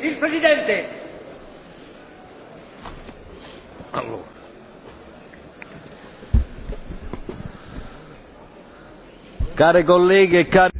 Il Presidente. Allora. Care colleghe e cari...